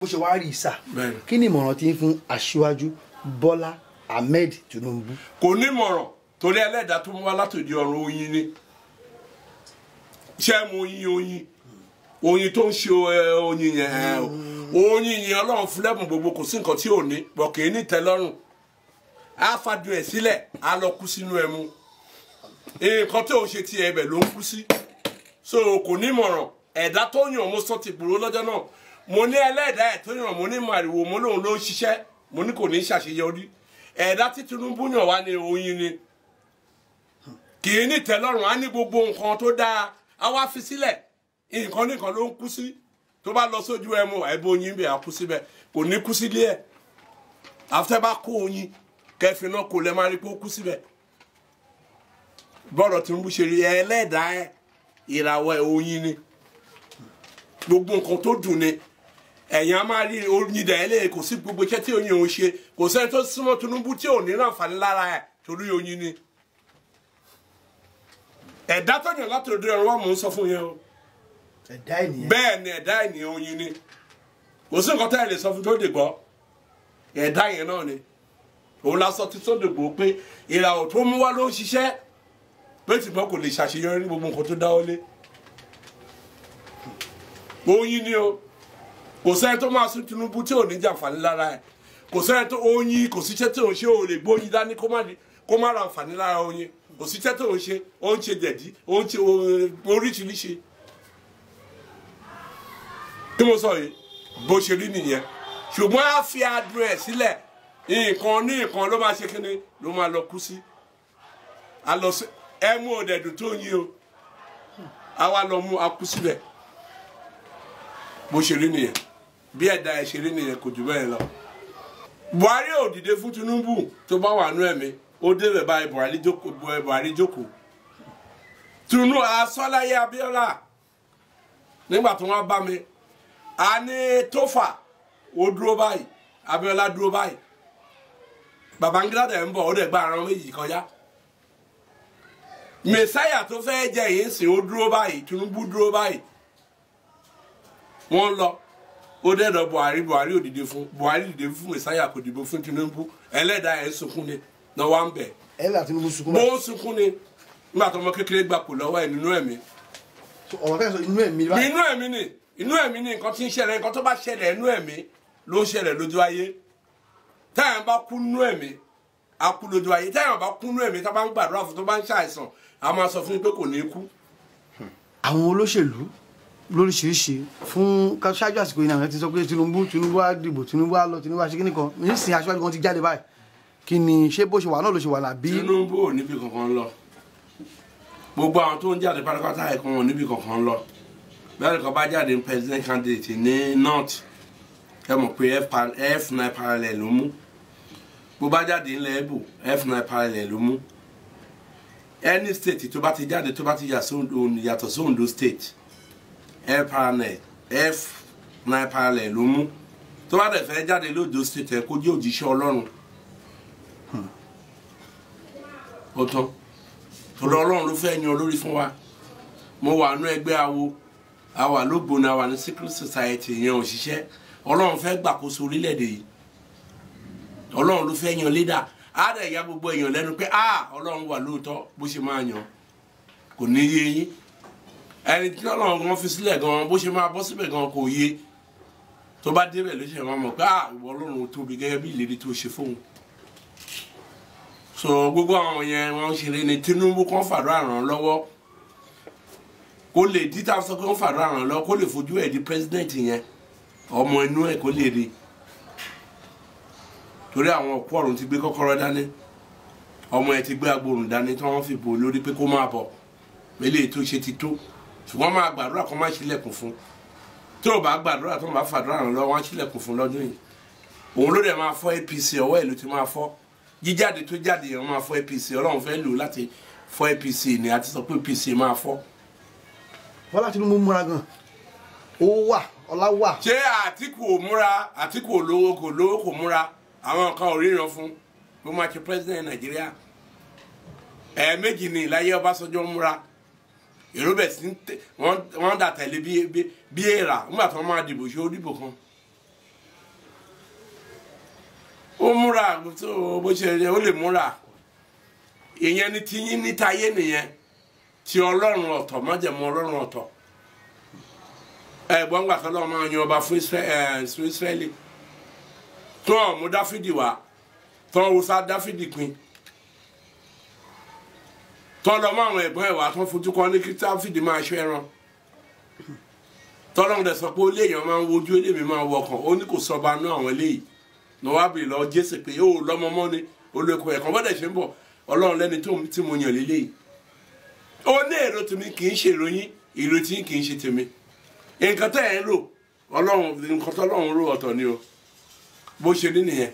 bó ṣe wá rí ìsà kí ni ìmọ̀ràn tí ń fún aṣíwájú Bọ́lá Ahmed Tinubu. kò ní mọ̀ràn torí ẹlẹ́dàá tó ń wá látòdì ọ̀run oyin ni ṣé mo yin oyin oyin tó ń ṣe oyin yẹn oyin yẹn ọlọ́run fúlẹ́mù gbogbo kò sí nǹkan tí ò ní bọ̀ kì í ní tẹ́lọ́rùn á fàdùn ẹ̀ sílẹ̀ á lọ kú sínú ẹmu nǹkan tí ò ṣe ti ẹ̀bẹ̀ ló ń kú sí so kò ní mọ̀ràn ẹ̀dá tó yàn mo sọ ti gbòòrò lọ́jọ́ náà mo ní ẹlẹ́dàá ẹ̀ tó yàn mo ní màrìwò mo lóun ló ń ṣiṣẹ́ mo ní kò ní ṣàṣeyọrí ẹ̀dá tí Tinubu yàn wá ní oyin ni kì í ní tẹ́lọ́rùn á ní gbogbo nǹkan tó dáa á wá fi sílẹ̀ nǹkan nìkan ló ń kú sí tó bá lọ sójú ẹmu àìbó oyin bẹ́ẹ̀ á kú síbẹ̀ kò ní kú sílé ẹ̀ àfẹ́ kó oyin kẹfìnà kò lẹ́ máa rí pé ó kú síbẹ̀ bọ́ọ̀rọ̀ Tinubu ṣe rí ẹlẹ́dàá ìràwọ̀ oyin ni gbogbo nǹkan tó dùn ni ẹ̀yin a máa rí oyin dà ẹ́ lé kò sí gbogbo iṣẹ́ tí oyin òun ṣe kò sẹ́ni tó súnmọ́ Tinubu tí ò ní ràǹfààní lára ẹ̀ torí oyin ni ẹ̀dá tó yàn láti òde ọ̀run wà mò ń sọ fún yẹn o bẹ́ẹ̀ ni ẹ̀dá ènìyàn oyin ni kò sí nǹkan tẹ́ ẹ̀ lè sọ fún tó dè ẹ̀dá yẹn náà ni òun la sọ ti tó dè gbọ́ pé ìràwọ̀ tó mú wá ló ń ṣiṣẹ́ pé tìmọ́ kò lè ṣàṣeyọrí gbogbo nǹkan tó dáwọ́lé oyin ni o kò sẹ́ni tó máa sún Tinubu tí ò ní jàǹfààní lára ẹ̀ kò sẹ́ni tó oyin kò síṣẹ́ tí ò ń ṣe ò lè gbóyin dání kó má ra àǹfààní lára oyin kò síṣẹ́ tí ò ń ṣe ó ń ṣe jẹ̀dí ó ń ṣe oríṣiríṣi kí mo sọ yìí bó ṣe rí nìyẹn ṣùgbọ́n á fi adùn ẹ̀ sílẹ̀ nǹkan ní nǹkan ló máa ṣe kíni ló máa lọ kú sí ẹ mú ọ̀dẹ̀dùn tó yin o àwa lọ mú akú síbẹ̀ bó ṣe rí nìyẹn bí ẹ̀dá ẹ̀ ṣeré nìyẹn kò jù bẹ́ẹ̀ lọ. Buhari ò dìde fún Tinubu tó bá wà nú ẹ̀mí ó débẹ̀ báyìí Buhari jókòó Tinubu asọ́láyé Abíọ́lá nígbà tó wọ́n bá mi a ní tófà ó dúró báyìí Abíọ́lá dúró báyìí Babangida dẹ̀ ń bọ̀ ó dẹ̀ gba àrùn méjì kọjá mẹsáyà tó fẹ́ jẹ yìí ń sìn ó dúró báyìí Tinubu dúró báyìí wọ́n lọ ó dẹ́dọ̀ buhari buhari ò dìde fún buhari dìde fún mẹsáyà kò dìbò fún tinubu ẹlẹ́dàá ẹ̀ sunkún ni náà wá ń bẹ̀. ẹlẹ́dàá tinubu sunkún báyìí. mo sunkún ni nígbà tó ọmọ kékeré gbapò lọ́wọ́ ẹ̀ nínú ẹ̀mí. ọmọ fẹ́ sọ inú ẹ̀mí báyìí. inú ẹ̀mí ni inú ẹ̀mí ni nǹkan tí ń ṣẹlẹ̀ nǹkan tó bá ṣẹlẹ̀ inú ẹ̀mí ló ń ṣẹlẹ̀ lójú ayé táyà bá kú inú ẹ̀mí a kú lójú ayé táyà bá kú inú ẹ̀mí tá bá ń gbàdúrà fún tó bá ń ṣàìsàn a máa sọ fún yín pé kò ní hmm. àwọn olóṣèlú lóríṣiríṣi fún ṣáájú àsìkò yìí náà ti sọ pé Tinubu Tinubu á dìbò Tinubu á lọ Tinubu á ṣe kíní kan nísìnyí aṣáájú kan ti jáde báyìí kí ni ṣé bó ṣe wà náà ló ṣe wà lábí. Tinubu ò níbi kankan lọ gbogbo àwọn tó ń jáde pátápátá ẹ̀kọ́ wọn níbi kankan lọ bẹ́ẹ̀ kọ́ bá jáde ní president candidate ní north ẹ pé f9 parallel ló mú bó bá jáde ńlẹ̀ ẹ̀bù f9 parallel ló mú any state tó bá ti jáde tó bá ti yàtọ̀ sóńdó state airpanel f nine panel ló mú tó bá dẹ̀ fẹ́ jáde lóòdó state ẹ̀ kó jẹ́ òjíṣẹ́ ọlọ́run ó tán ọlọ́run ló fẹ́ yan fún wa mo wà awo a wà society yan òṣìṣẹ́ ọlọ́run fẹ́ gbàkóso orílẹ̀-èdè yìí ọlọ́run ló fẹ́ yan ya gbogbo èèyàn lẹ́nu pé ah, ọlọ́run wà lóòótọ́ bó ṣe máa yan kò ní yé ẹni tí Ọlọ́run gan fi sílẹ̀ gan bó ṣe máa bọ́ síbẹ̀ gan kò yé tó bá débẹ̀ ló ṣe máa mọ̀ pé ah ìwọ Ọlọ́run tóbi gẹ́gẹ́ bí ìlérí tó ṣe fóun so gbogbo àwọn yẹn wọ́n ṣeré ni Tinubu kan fàdúrà ràn lọ́wọ́ kó lè dí tá a sọ pé wọ́n fàdúrà ràn lọ́wọ́ kó lè fojú ẹ̀ di president yẹn ọmọ inú ẹ̀ kó lè rí torí àwọn òkú ọ̀run ti gbé kọ́kọ́rọ́ dání ọmọ ẹ̀ ti gbé agbóhùn dání tí wọ́n fi bò lórí pé kó máa bọ̀ mélèé tó ṣe ti tó ṣùgbọ́n máa gbàdúrà kó má ṣílẹ̀kùn fún tí ò bá gbàdúrà tó máa fàdúrà ràn lọ́wọ́ wọn ṣílẹ̀kùn fún lọ́dún yìí òun ló dẹ̀ máa fọ́ APC ọwọ́ ìlú ti máa fọ́ jíjáde tó jáde yẹn máa fọ́ APC ọlọ́run fẹ́ lò láti fọ́ APC ni àti sọ pé APC máa fọ́. Bọ́lá Tinubu múra gan ó wà ọlá wà. ṣé Àtíkù ò múra Àtíkù ò lówó kò lówó kò múra àwọn nǹkan ò ríran fún ló máa ṣe president Nàìjíríà ẹ̀ẹ̀mejì ni ìláyé Ọbásanjọ́ múra èrò bẹ̀ sí wọ́n dà tẹ̀lé bí èèrà nígbà tí wọ́n máa dìbò ṣe oníbò kan. ó múra bó ṣe yẹ ó lè múra ìyẹn ni tiyín ní tayé nìyẹn ti ọlọ́run ọ̀tọ̀ májẹ̀mú ọlọ́run ọ̀tọ̀ ẹ̀gbọ́n gbà tó lọ́wọ́ máa yan ọba fún Ísírẹ́lì tó ọ̀mú Dáfídì wá tó ń wusa Dáfídì pin tọ́lọ́ mọ́ àwọn ẹ̀gbọ́n ẹ̀wà tó fojú kan ní kí táfíìdì máa ṣe ẹran tọ́lọ́ dẹ̀ sọ pé ó léèyàn máa ń wojú eléèmí máa wọkàn ó ní kò sọba náà àwọn eléyìí ní wàá bèrè lọ jésì pé ó lọ́mọ mọ́ ni olóko ẹ̀kan bọ́dẹ̀ ṣe ń bọ̀ ọlọ́run lẹ́ni tí mo yàn lélẹ́yìí ó ní èrò tèmi kì í ṣe ìròyìn ìlú tí kì í ṣe tèmi nǹkan tẹ́ ẹ̀ ń rò ọlọ́run nǹkan tọ́lọ́run rò ọ̀tọ̀ ni o bó ṣe ní nìyẹn.